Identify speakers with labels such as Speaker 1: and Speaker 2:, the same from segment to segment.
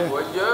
Speaker 1: 我觉。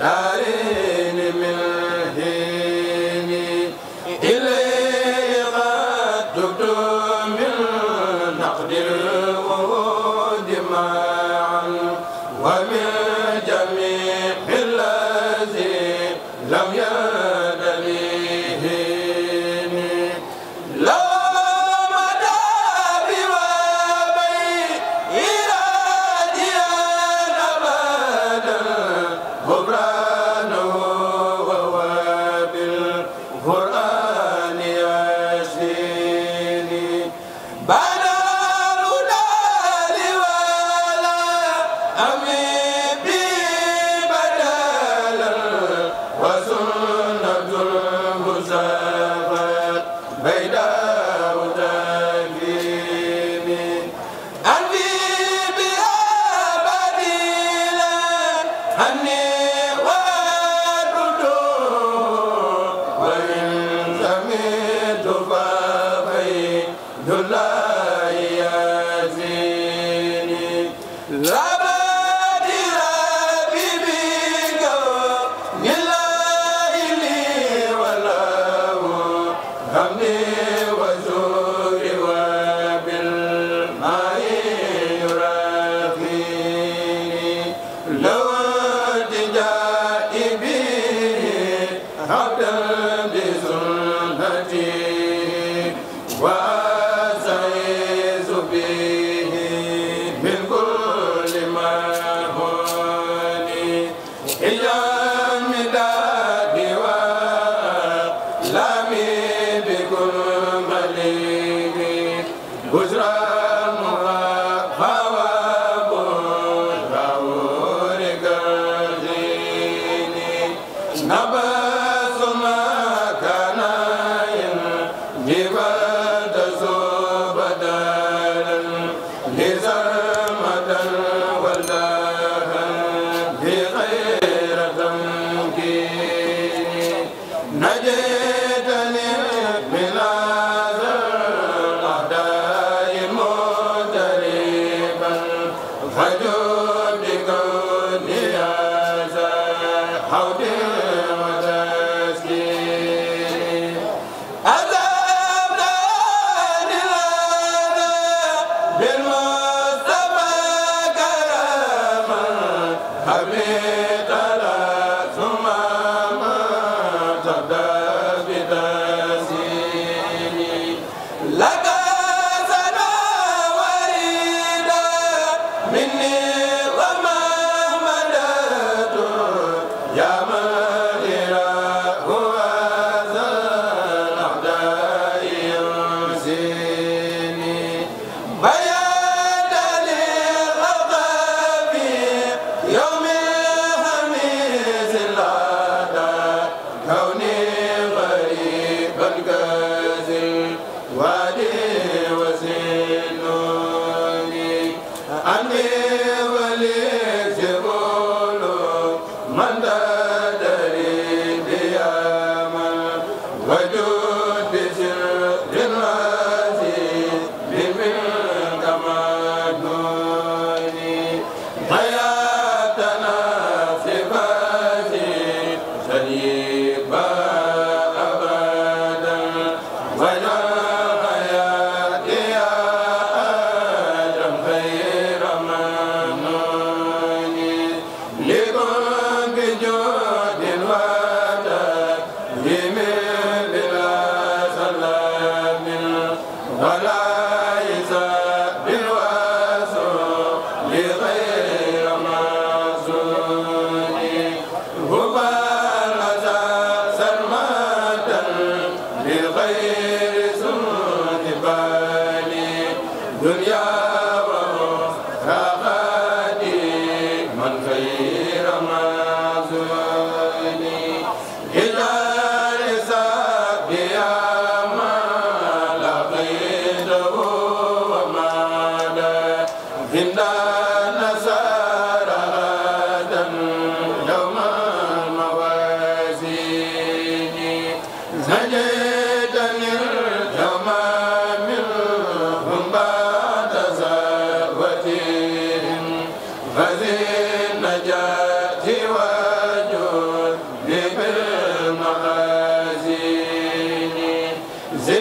Speaker 1: la ah. Amin la الدنيا